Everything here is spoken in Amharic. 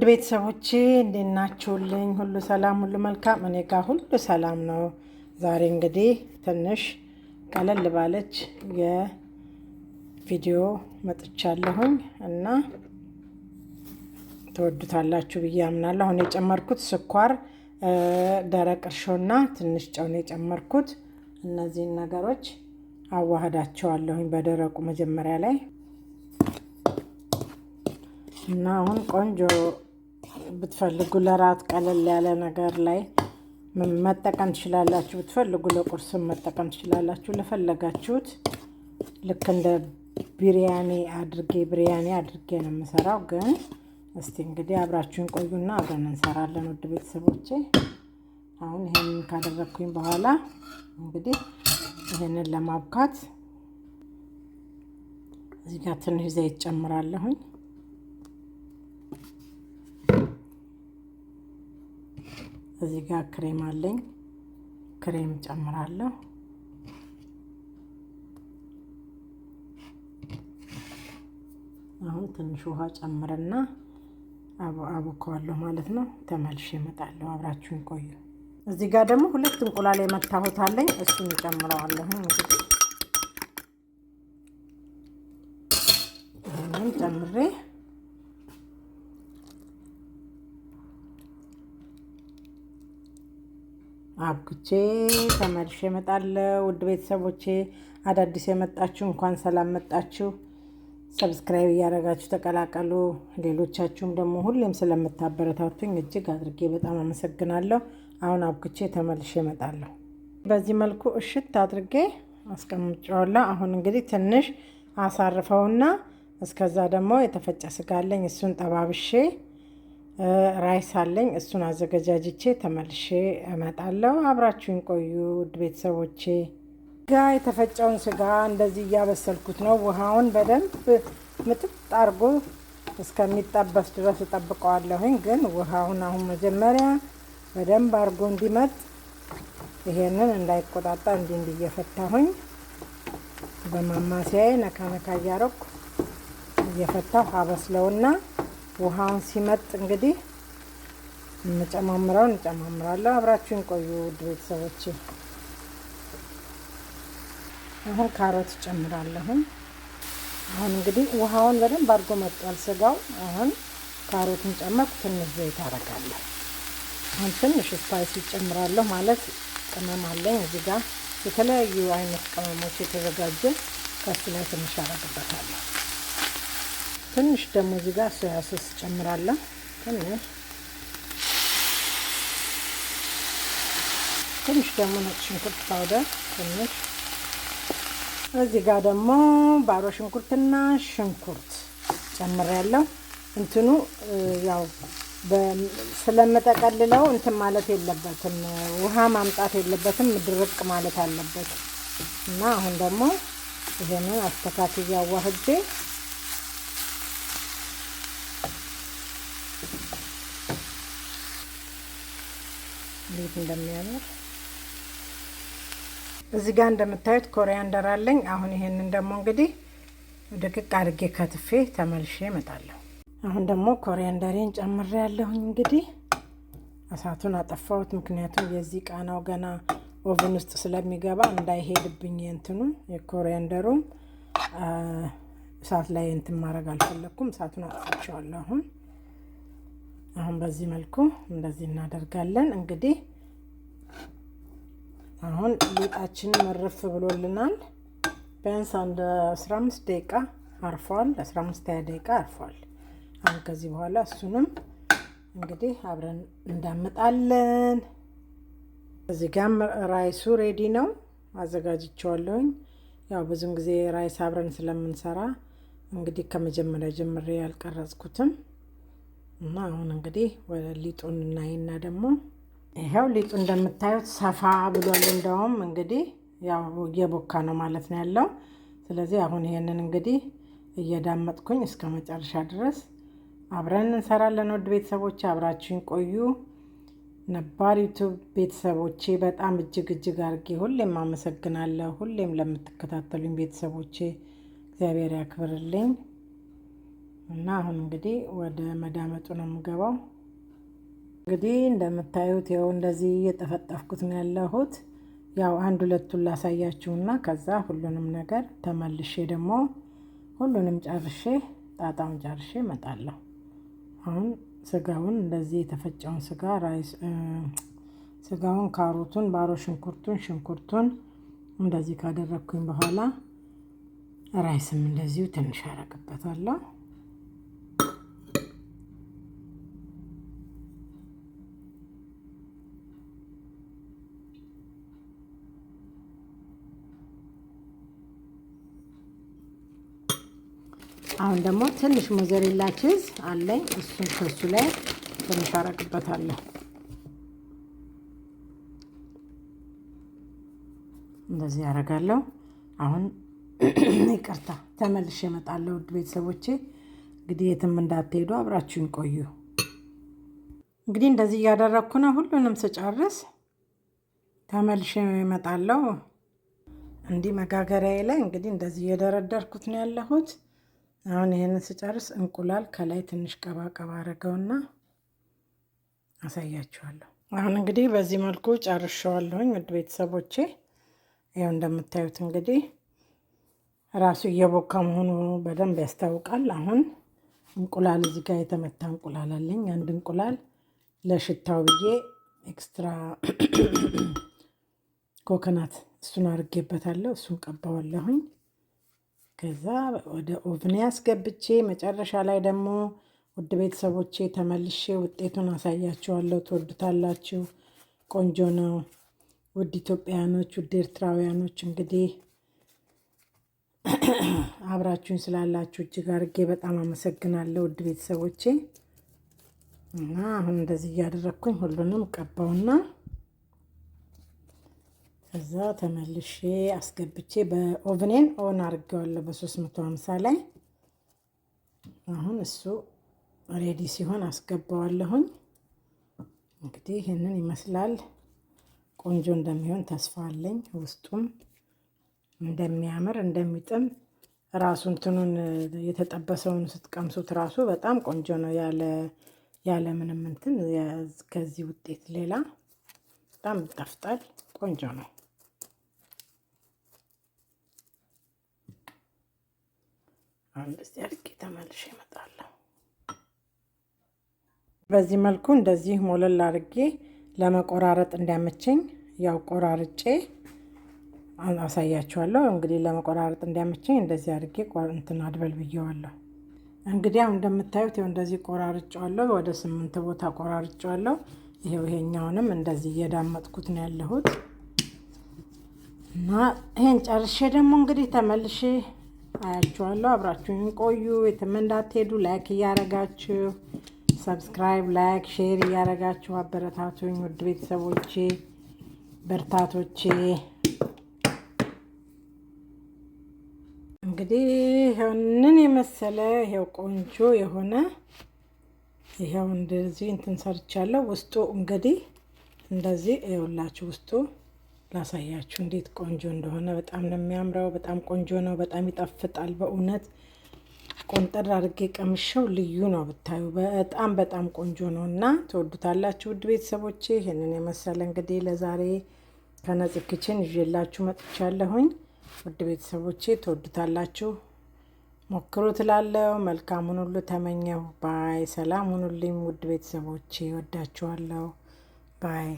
ውድ ቤተሰቦቼ እንዴት ናችሁልኝ? ሁሉ ሰላም፣ ሁሉ መልካም። እኔ ጋር ሁሉ ሰላም ነው። ዛሬ እንግዲህ ትንሽ ቀለል ባለች የቪዲዮ መጥቻለሁኝ እና ትወዱታላችሁ ብዬ አምናለሁ። አሁን የጨመርኩት ስኳር፣ ደረቅ እርሾና ትንሽ ጨውን የጨመርኩት እነዚህን ነገሮች አዋህዳቸዋለሁኝ በደረቁ መጀመሪያ ላይ እና አሁን ቆንጆ ብትፈልጉ ለራት ቀለል ያለ ነገር ላይ መጠቀም ትችላላችሁ። ብትፈልጉ ለቁርስም መጠቀም ትችላላችሁ። ለፈለጋችሁት ልክ እንደ ቢሪያኒ አድርጌ ቢሪያኒ አድርጌ ነው የምሰራው። ግን እስቲ እንግዲህ አብራችሁን ቆዩና አብረን እንሰራለን ውድ ቤተሰቦቼ። አሁን ይሄንን ካደረግኩኝ በኋላ እንግዲህ ይህንን ለማብካት እዚህ ጋር ትንሽ ዘይት ጨምራለሁኝ። እዚህ ጋር ክሬም አለኝ። ክሬም ጨምራለሁ። አሁን ትንሽ ውሃ ጨምርና አቦከዋለሁ ማለት ነው። ተመልሼ እመጣለሁ። አብራችሁን ቆዩ። እዚህ ጋር ደግሞ ሁለት እንቁላል የመታሁት አለኝ። እሱን ጨምረዋለሁ። እንግዲህ ጨምሬ አብክቼ ተመልሼ እመጣለሁ። ውድ ቤተሰቦቼ አዳዲስ የመጣችሁ እንኳን ሰላም መጣችሁ። ሰብስክራይብ እያደረጋችሁ ተቀላቀሉ። ሌሎቻችሁም ደግሞ ሁሌም ስለምታበረታቱኝ እጅግ አድርጌ በጣም አመሰግናለሁ። አሁን አብክቼ ተመልሼ እመጣለሁ። በዚህ መልኩ እሽት አድርጌ አስቀምጫዋለሁ። አሁን እንግዲህ ትንሽ አሳርፈውና እስከዛ ደግሞ የተፈጨ ስጋ አለኝ እሱን ጠባብሼ ራይስ አለኝ። እሱን አዘገጃጅቼ ተመልሼ እመጣለሁ። አብራችሁን ቆዩ ውድ ቤተሰቦቼ። ጋ የተፈጨውን ስጋ እንደዚህ እያበሰልኩት ነው። ውሃውን በደንብ ምጥጥ አድርጎ እስከሚጠበስ ድረስ እጠብቀዋለሁኝ። ግን ውሃውን አሁን መጀመሪያ በደንብ አርጎ እንዲመጥ ይሄንን እንዳይቆጣጣ እንዲ እንዲ እየፈታሁኝ በማማሲያዬ ነካ ነካ እያረኩ እየፈታሁ አበስለውና ውሃውን ሲመጥ እንግዲህ እንጨማምረው እንጨማምራለሁ። አብራችሁን ቆዩ ውድ ቤተሰቦች። አሁን ካሮት እጨምራለሁኝ። አሁን እንግዲህ ውሃውን በደንብ አድርጎ መጥቷል ስጋው። አሁን ካሮትን ጨመርኩ። ትንሽ ዘይት አረጋለሁ። አሁን ትንሽ ስፓይስ ይጨምራለሁ። ማለት ቅመም አለኝ እዚህ ጋር የተለያዩ አይነት ቅመሞች የተዘጋጀ ከሱ ላይ ትንሽ አደርግበታለሁ። ትንሽ ደግሞ እዚህ ጋር ሶያ ሶስ ጨምራለሁ። ትንሽ ትንሽ ደግሞ ነጭ ሽንኩርት ፓውደር ትንሽ። እዚህ ጋር ደግሞ ባሮ ሽንኩርትና ሽንኩርት ጨምሬያለሁ። እንትኑ ያው ስለምጠቀልለው እንትን ማለት የለበትም፣ ውሃ ማምጣት የለበትም፣ ድርቅ ማለት አለበት እና አሁን ደግሞ ይሄንን አስተካክያ ዋህዴ እንዴት እንደሚያምር እዚህ ጋር እንደምታዩት ኮሪያንደር አለኝ። አሁን ይሄንን ደግሞ እንግዲህ ድቅቅ አድርጌ ከትፌ ተመልሼ እመጣለሁ። አሁን ደግሞ ኮሪያንደሬን ጨምሬ ያለሁኝ እንግዲህ እሳቱን አጠፋሁት። ምክንያቱም የዚህ ቃናው ገና ኦቨን ውስጥ ስለሚገባ እንዳይሄድብኝ የእንትኑ የኮሪያንደሩም እሳት ላይ እንትን ማድረግ አልፈለግኩም። እሳቱን አጥፍቼዋለሁ። አሁን አሁን በዚህ መልኩ እንደዚህ እናደርጋለን እንግዲህ አሁን ሊጣችን መረፍ ብሎልናል። ቢያንስ አንድ 15 ደቂቃ አርፏል። 15 20 ደቂቃ አርፏል። አሁን ከዚህ በኋላ እሱንም እንግዲህ አብረን እንዳምጣለን። እዚህ ጋም ራይሱ ሬዲ ነው አዘጋጅቸዋለሁኝ። ያው ብዙን ጊዜ ራይስ አብረን ስለምንሰራ እንግዲህ ከመጀመሪያ ጀምሬ ያልቀረጽኩትም እና አሁን እንግዲህ ወደ ሊጡን እናይና ደግሞ ይኸው ሊጡ እንደምታዩት ሰፋ ብሏል። እንደውም እንግዲህ ያው እየቦካ ነው ማለት ነው ያለው። ስለዚህ አሁን ይሄንን እንግዲህ እየዳመጥኩኝ እስከ መጨረሻ ድረስ አብረን እንሰራለን። ውድ ቤተሰቦች አብራችሁኝ ቆዩ። ነባር ዩቱብ ቤተሰቦቼ በጣም እጅግ እጅግ አድርጌ ሁሌም አመሰግናለሁ። ሁሌም ለምትከታተሉኝ ቤተሰቦቼ እግዚአብሔር ያክብርልኝ እና አሁን እንግዲህ ወደ መዳመጡ ነው የምገባው። እንግዲህ እንደምታዩት ይኸው እንደዚህ እየጠፈጠፍኩት ነው ያለሁት። ያው አንድ ሁለቱን ላሳያችሁና ከዛ ሁሉንም ነገር ተመልሼ ደግሞ ሁሉንም ጨርሼ ጣጣውን ጨርሼ እመጣለሁ። አሁን ስጋውን እንደዚህ የተፈጨውን ስጋ ራይስ ስጋውን፣ ካሮቱን፣ ባሮ ሽንኩርቱን ሽንኩርቱን እንደዚህ ካደረግኩኝ በኋላ ራይስም እንደዚሁ ትንሽ አረግበታለሁ። አሁን ደግሞ ትንሽ ሞዘሬላ ቺዝ አለኝ። እሱን ከሱ ላይ ትንሽ አረግበታለሁ። እንደዚህ ያደርጋለሁ። አሁን ይቅርታ ተመልሼ እመጣለሁ። ውድ ቤተሰቦቼ እንግዲህ የትም እንዳትሄዱ አብራችሁን ቆዩ። እንግዲህ እንደዚህ እያደረግኩ ነው። ሁሉንም ስጨርስ ተመልሼ እመጣለሁ። እንዲህ መጋገሪያዬ ላይ እንግዲህ እንደዚህ እየደረደርኩት ነው ያለሁት። አሁን ይህንን ስጨርስ እንቁላል ከላይ ትንሽ ቀባቀባ አድርገውና አሳያችኋለሁ። አሁን እንግዲህ በዚህ መልኩ ጨርሸዋለሁኝ ውድ ቤተሰቦቼ። ይኸው እንደምታዩት እንግዲህ ራሱ እየቦካ መሆኑ በደንብ ያስታውቃል። አሁን እንቁላል እዚህ ጋር የተመታ እንቁላል አለኝ። አንድ እንቁላል ለሽታው ብዬ ኤክስትራ ኮኮናት እሱን አድርጌበታለሁ። እሱን ቀባዋለሁኝ። ከዛ ወደ ኦቭን አስገብቼ መጨረሻ ላይ ደግሞ ውድ ቤተሰቦቼ ተመልሼ ውጤቱን አሳያችኋለሁ። ትወዱታላችሁ። ቆንጆ ነው። ውድ ኢትዮጵያውያኖች፣ ውድ ኤርትራውያኖች እንግዲህ አብራችሁኝ ስላላችሁ እጅግ አድርጌ በጣም አመሰግናለሁ። ውድ ቤተሰቦቼ እና አሁን እንደዚህ እያደረግኩኝ ሁሉንም ቀባውና ከዛ ተመልሼ አስገብቼ በኦቭኔን ኦን አድርጌዋለሁ በ350 ላይ። አሁን እሱ ሬዲ ሲሆን አስገባዋለሁኝ። እንግዲህ ይህንን ይመስላል። ቆንጆ እንደሚሆን ተስፋ አለኝ። ውስጡም እንደሚያምር እንደሚጥም ራሱ እንትኑን የተጠበሰውን ስትቀምሱት ራሱ በጣም ቆንጆ ነው። ያለ ያለ ምንም እንትን ከዚህ ውጤት ሌላ በጣም ይጣፍጣል። ቆንጆ ነው። እንደዚህ ተመልሼ እመጣለሁ። በዚህ መልኩ እንደዚህ ሞለል አድርጌ ለመቆራረጥ እንዲያመቸኝ ያው ቆራርጬ አሳያችኋለሁ። እንግዲህ ለመቆራረጥ እንዲያመቸኝ እንደዚህ አድርጌ እንትን አድበል ብየዋለሁ። እንግዲህ አሁን እንደምታዩት ይኸው እንደዚህ ቆራርጬዋለሁ። ወደ ስምንት ቦታ ቆራርጬዋለሁ። ይሄው ይሄኛውንም እንደዚህ እየዳመጥኩት ነው ያለሁት እና ይሄን ጨርሼ ደግሞ እንግዲህ ተመልሼ አያችኋለሁ። አብራችሁን ቆዩ። የትም እንዳትሄዱ። ላይክ እያረጋችሁ ሰብስክራይብ፣ ላይክ፣ ሼር እያረጋችሁ አበረታቱኝ ውድ ቤተሰቦቼ በርታቶቼ። እንግዲህ ይሄንን የመሰለ ይሄው ቆንጆ የሆነ ይሄው እንደዚህ እንትን ሰርቻለሁ። ውስጡ እንግዲህ እንደዚህ ይኸውላችሁ ውስጡ ላሳያችሁ እንዴት ቆንጆ እንደሆነ። በጣም ነው የሚያምረው። በጣም ቆንጆ ነው። በጣም ይጣፍጣል። በእውነት ቆንጠር አድርጌ ቀምሸው ልዩ ነው ብታዩ። በጣም በጣም ቆንጆ ነው እና ትወዱታላችሁ። ውድ ቤተሰቦቼ ይህንን የመሰለ እንግዲህ ለዛሬ ከነጽክችን ኪችን ይዤላችሁ መጥቻለሁኝ። ውድ ቤተሰቦቼ ትወዱታላችሁ። ሞክሩ ትላለው። መልካሙን ሁሉ ተመኘው። ባይ ሰላም ሁኑልኝ። ውድ ቤተሰቦቼ ወዳችኋለሁ። ባይ